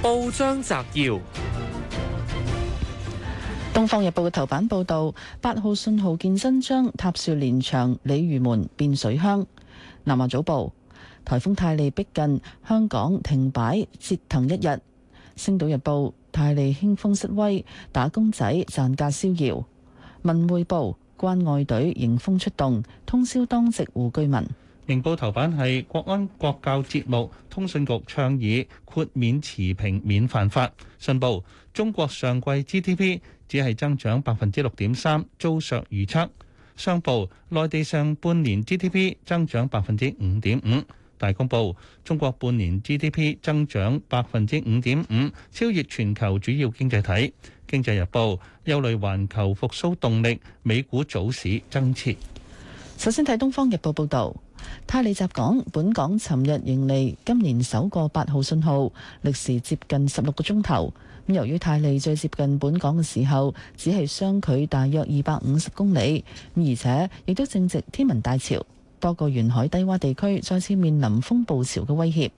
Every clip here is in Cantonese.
報章摘要：《東方日報》嘅頭版報道，八號信號見真章，塔樹連場鯉魚門變水鄉。《南華早報》：台風泰利逼近，香港停擺折騰一日。《星島日報》：泰利興風失威，打工仔賺價逍遙。《文匯報》：關愛隊迎風出動，通宵當值護居民。明報頭版係國安國教節目，通訊局倡議豁免持平免犯法。《信報》中國上季 GDP 只係增長百分之六點三，遭削預測。商報內地上半年 GDP 增長百分之五點五，《大公報》中國半年 GDP 增長百分之五點五，超越全球主要經濟體。《經濟日報》憂慮環球復蘇動力，美股早市增設。首先睇東方日報報道。泰利襲港，本港尋日迎嚟今年首個八號信號，歷時接近十六個鐘頭。由於泰利最接近本港嘅時候，只係相距大約二百五十公里，而且亦都正值天文大潮，多個沿海低洼地區再次面臨風暴潮嘅威脅。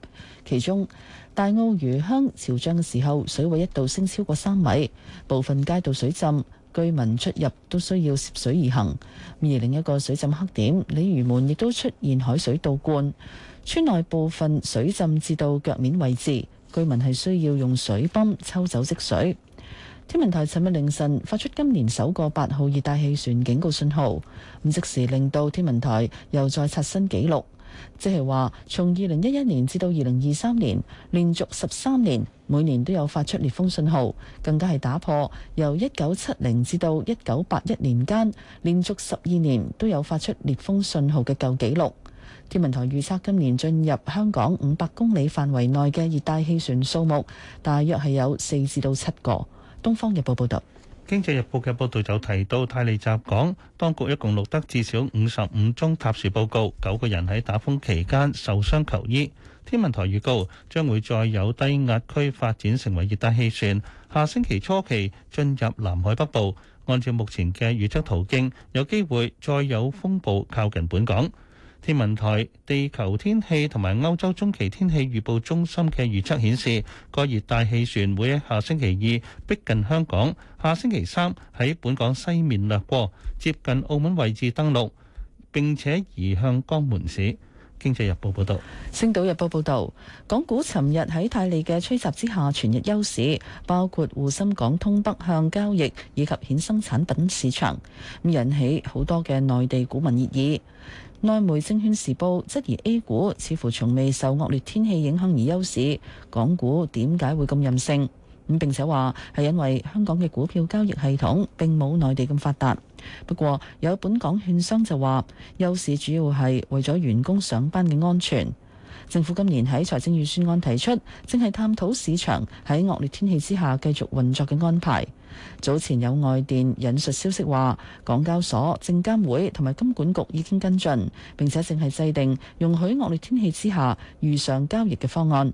其中大澳漁鄉潮漲嘅時候，水位一度升超過三米，部分街道水浸。居民出入都需要涉水而行，而另一個水浸黑點，鯉魚門亦都出現海水倒灌，村內部分水浸至到腳面位置，居民係需要用水泵抽走積水。天文台尋日凌晨發出今年首個八號熱帶氣旋警告信號，咁即時令到天文台又再刷新紀錄。即係話，從二零一一年至到二零二三年，連續十三年每年都有發出烈風信號，更加係打破由一九七零至到一九八一年間連續十二年都有發出烈風信號嘅舊紀錄。天文台預測今年進入香港五百公里範圍內嘅熱帶氣旋數目大約係有四至到七個。東方日報報道。經濟日報嘅報導就提到，泰利襲港，當局一共錄得至少五十五宗塌樹報告，九個人喺打風期間受傷求醫。天文台預告，將會再有低壓區發展成為熱帶氣旋，下星期初期進入南海北部。按照目前嘅預測途徑，有機會再有風暴靠近本港。天文台、地球天氣同埋歐洲中期天氣預報中心嘅預測顯示，個熱帶氣旋會喺下星期二逼近香港，下星期三喺本港西面掠過，接近澳門位置登陸，並且移向江門市。經濟日報報道，星島日報報道，港股尋日喺泰利嘅吹襲之下全日休市，包括滬深港通北向交易以及衍生產品市場，引起好多嘅內地股民熱議。內媒證券時報質疑 A 股似乎從未受惡劣天氣影響而休市，港股點解會咁任性？並且話係因為香港嘅股票交易系統並冇內地咁發達。不過有本港券商就話優勢主要係為咗員工上班嘅安全。政府今年喺財政預算案提出，正係探討市場喺惡劣天氣之下繼續運作嘅安排。早前有外電引述消息話，港交所、證監會同埋金管局已經跟進，並且正係制定容許惡劣天氣之下如常交易嘅方案。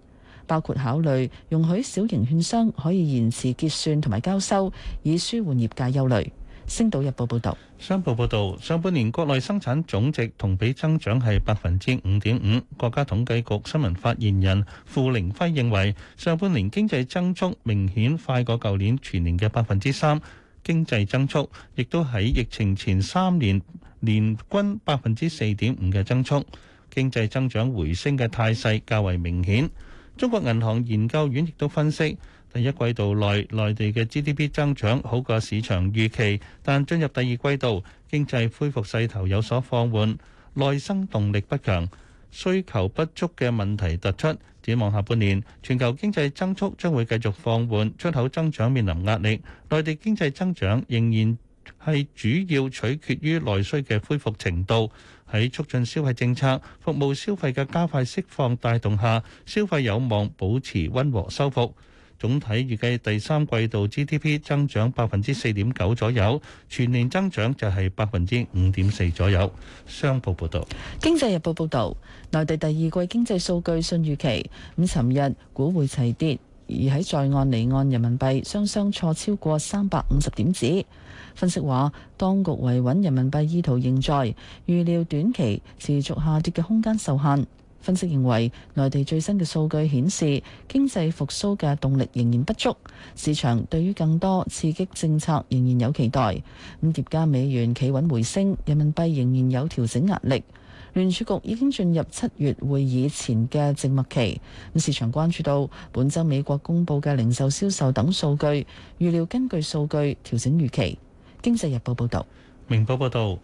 包括考慮容許小型券商可以延遲結算同埋交收，以舒緩業界憂慮。星島日報報道，商報報導，上半年國內生產總值同比增長係百分之五點五。國家統計局新聞發言人付凌暉認為，上半年經濟增速明顯快過舊年全年嘅百分之三，經濟增速亦都喺疫情前三年年均百分之四點五嘅增速，經濟增長回升嘅態勢較為明顯。中國銀行研究院亦都分析，第一季度內內地嘅 GDP 增長好過市場預期，但進入第二季度，經濟恢復勢頭有所放緩，內生動力不強，需求不足嘅問題突出。展望下半年，全球經濟增速將會繼續放緩，出口增長面臨壓力，內地經濟增長仍然，係主要取決於內需嘅恢復程度。喺促進消費政策、服務消費嘅加快釋放帶動下，消費有望保持溫和收復。總體預計第三季度 GDP 增長百分之四點九左右，全年增長就係百分之五點四左右。商報報導，《經濟日報》報導，內地第二季經濟數據遜預期。五尋日股匯齊跌，而喺在，在岸離岸人民幣雙雙挫超過三百五十點子。分析話，當局維穩人民幣意圖仍在，預料短期持續下跌嘅空間受限。分析認為，內地最新嘅數據顯示，經濟復甦嘅動力仍然不足，市場對於更多刺激政策仍然有期待。咁疊加美元企穩回升，人民幣仍然有調整壓力。聯儲局已經進入七月會議前嘅靜默期，咁市場關注到本週美國公佈嘅零售銷售等數據，預料根據數據調整預期。經濟日報報道，明報報道，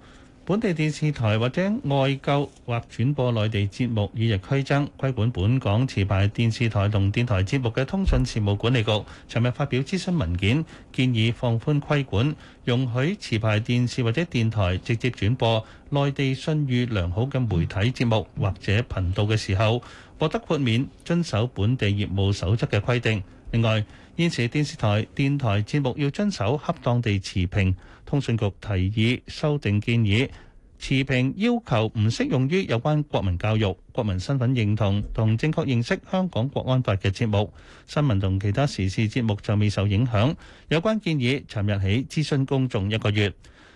本地電視台或者外購或轉播內地節目，與日俱增。規管本港持牌電視台同電台節目嘅通訊事務管理局，尋日發表諮詢文件，建議放寬規管，容許持牌電視或者電台直接轉播內地信譽良好嘅媒體節目或者頻道嘅時候，獲得豁免遵守本地業務守則嘅規定。另外，現時電視台電台節目要遵守恰當地持平，通訊局提議修訂建議持平要求，唔適用於有關國民教育、國民身份認同同正確認識香港國安法嘅節目。新聞同其他時事節目就未受影響。有關建議，尋日起諮詢公眾一個月。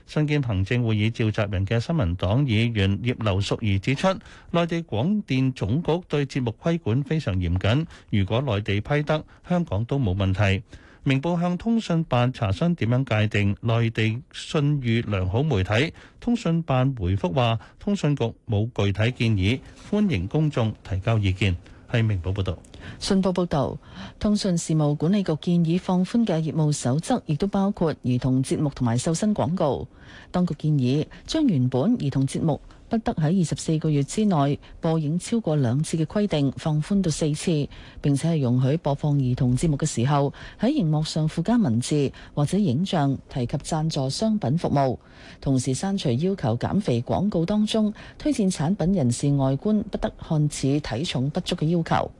身兼行政會議召集人嘅新民黨議員葉劉淑儀指出，內地廣電總局對節目規管非常嚴謹，如果內地批得，香港都冇問題。明報向通訊辦查詢點樣界定內地信譽良好媒體，通訊辦回覆話，通訊局冇具體建議，歡迎公眾提交意見。係明報報道，信報報道，通訊事務管理局建議放寬嘅業務守則，亦都包括兒童節目同埋瘦身廣告。當局建議將原本兒童節目。不得喺二十四個月之內播映超過兩次嘅規定放寬到四次，並且係容許播放兒童節目嘅時候喺熒幕上附加文字或者影像提及贊助商品服務，同時刪除要求減肥廣告當中推薦產品人士外觀不得看似體重不足嘅要求。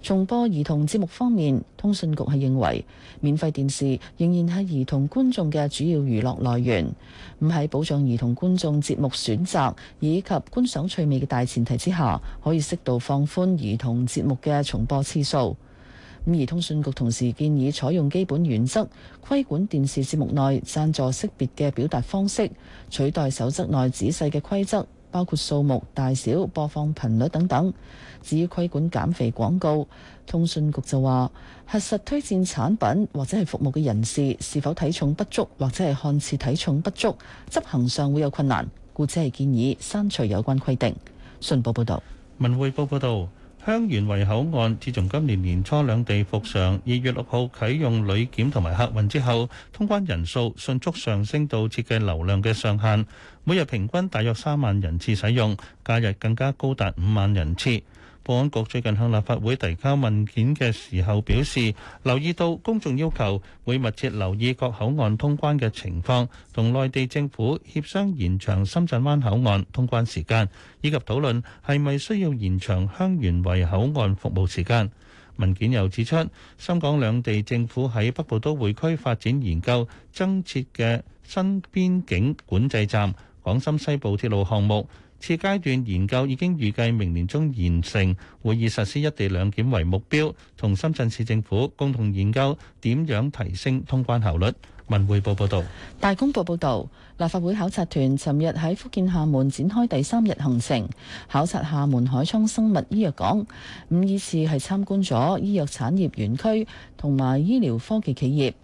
重播兒童節目方面，通訊局係認為免費電視仍然係兒童觀眾嘅主要娛樂來源，唔喺保障兒童觀眾節目選擇以及觀賞趣味嘅大前提之下，可以適度放寬兒童節目嘅重播次數。咁而通訊局同時建議採用基本原則，規管電視節目內贊助識別嘅表達方式，取代守則內仔細嘅規則。包括數目大小、播放頻率等等。至於規管減肥廣告，通訊局就話，核實推薦產品或者係服務嘅人士是否體重不足或者係看似體重不足，執行上會有困難，故只係建議刪除有關規定。信報報道。文匯報報道。香園圍口岸自從今年年初兩地復常，二月六號啟用旅檢同埋客運之後，通關人數迅速上升到設計流量嘅上限，每日平均大約三萬人次使用，假日更加高達五萬人次。保安局最近向立法會提交文件嘅時候表示，留意到公眾要求，會密切留意各口岸通關嘅情況，同內地政府協商延長深圳灣口岸通關時間，以及討論係咪需要延長香園圍口岸服務時間。文件又指出，深港兩地政府喺北部都會區發展研究增設嘅新邊境管制站、港深西部鐵路項目。次階段研究已經預計明年中完成，會以實施一地兩檢為目標，同深圳市政府共同研究點樣提升通關效率。文匯報報道，大公報報道，立法會考察團尋日喺福建廈門展開第三日行程，考察廈門海滄生物醫藥港。五二次係參觀咗醫藥產業園區同埋醫療科技企業。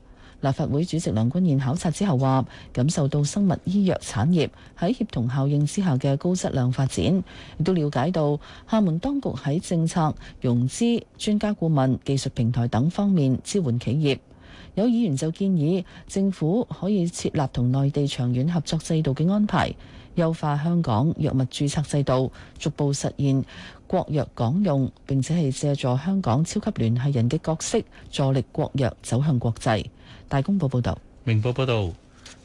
立法會主席梁君彥考察之後話，感受到生物醫藥產業喺協同效應之下嘅高質量發展，亦都了解到廈門當局喺政策、融資、專家顧問、技術平台等方面支援企業。有議員就建議政府可以設立同內地長遠合作制度嘅安排，優化香港藥物註冊制度，逐步實現國藥港用，並且係借助香港超級聯繫人嘅角色助力國藥走向國際。大公報報道，明報報道，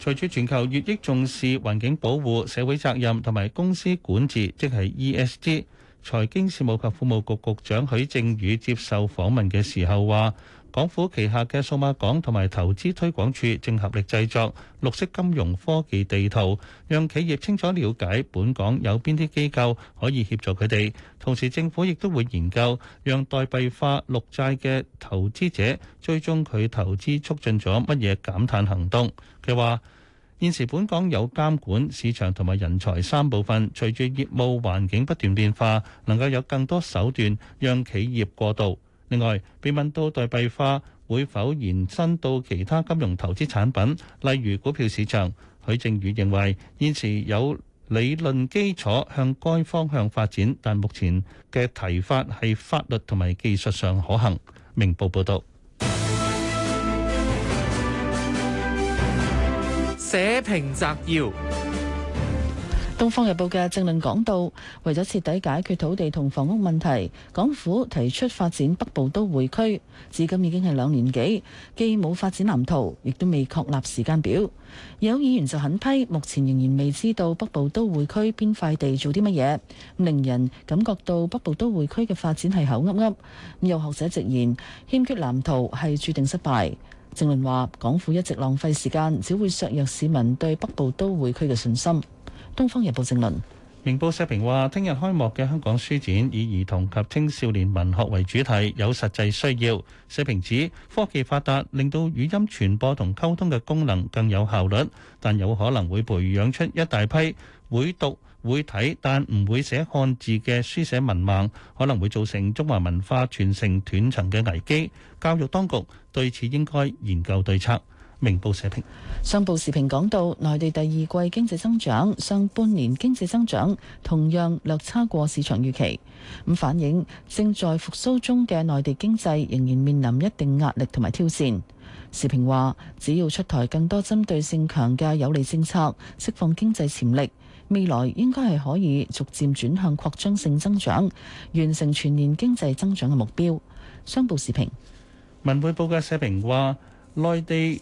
隨住全球越益重視環境保護、社會責任同埋公司管治，即係 E S G。財經事務及庫務局局長許正宇接受訪問嘅時候話。港府旗下嘅數碼港同埋投資推廣署正合力製作綠色金融科技地圖，讓企業清楚了解本港有邊啲機構可以協助佢哋。同時政府亦都會研究，讓代幣化綠債嘅投資者追蹤佢投資促進咗乜嘢減碳行動，佢話現時本港有監管市場同埋人才三部分，隨住業務環境不斷變化，能夠有更多手段讓企業過渡。另外，被問到代幣化會否延伸到其他金融投資產品，例如股票市場，許正宇認為現時有理論基礎向該方向發展，但目前嘅提法係法律同埋技術上可行。明報報導。社評摘要。《東方日報》嘅政論講到，為咗徹底解決土地同房屋問題，港府提出發展北部都會區，至今已經係兩年幾，既冇發展藍圖，亦都未確立時間表。有議員就狠批，目前仍然未知道北部都會區邊塊地做啲乜嘢，令人感覺到北部都會區嘅發展係口噏噏。有學者直言，欠缺藍圖係注定失敗。政論話，港府一直浪費時間，只會削弱市民對北部都會區嘅信心。《東方日報》正論，明報社評話：聽日開幕嘅香港書展以兒童及青少年文學為主題，有實際需要。社評指科技發達令到語音傳播同溝通嘅功能更有效率，但有可能會培養出一大批會讀會睇但唔會寫漢字嘅書寫文盲，可能會造成中華文化傳承斷層嘅危機。教育當局對此應該研究對策。明報社評，商報時評講到，內地第二季經濟增長，上半年經濟增長同樣略差過市場預期，咁反映正在復蘇中嘅內地經濟仍然面臨一定壓力同埋挑戰，時評話，只要出台更多針對性強嘅有利政策，釋放經濟潛力，未來應該，係可以逐漸轉向擴張性增長，完成全年經濟增長嘅目標，商報時評，文匯報嘅社評話，內地。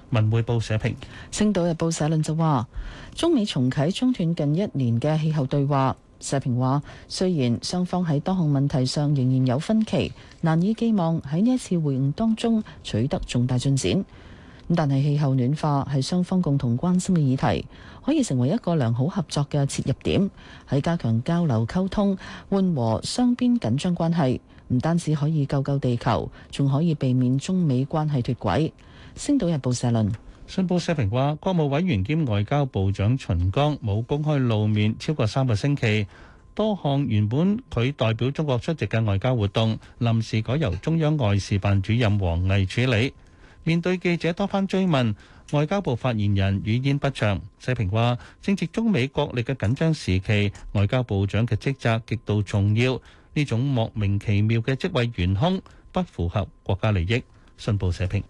文匯報社評，《星島日報》社論就話：中美重啟中斷近一年嘅氣候對話。社評話，雖然雙方喺多項問題上仍然有分歧，難以寄望喺呢一次會晤當中取得重大進展。但係氣候暖化係雙方共同關心嘅議題，可以成為一個良好合作嘅切入點，喺加強交流溝通，緩和雙邊緊張關係。唔單止可以救救地球，仲可以避免中美關係脱軌。《星島日報》社論，信報社評話，國務委員兼外交部長秦剛冇公開露面超過三個星期，多項原本佢代表中國出席嘅外交活動，臨時改由中央外事辦主任王毅處理。面對記者多番追問，外交部發言人語焉不詳。社評話，正值中美國力嘅緊張時期，外交部長嘅職責極度重要。呢種莫名其妙嘅職位懸空，不符合國家利益。信報社評。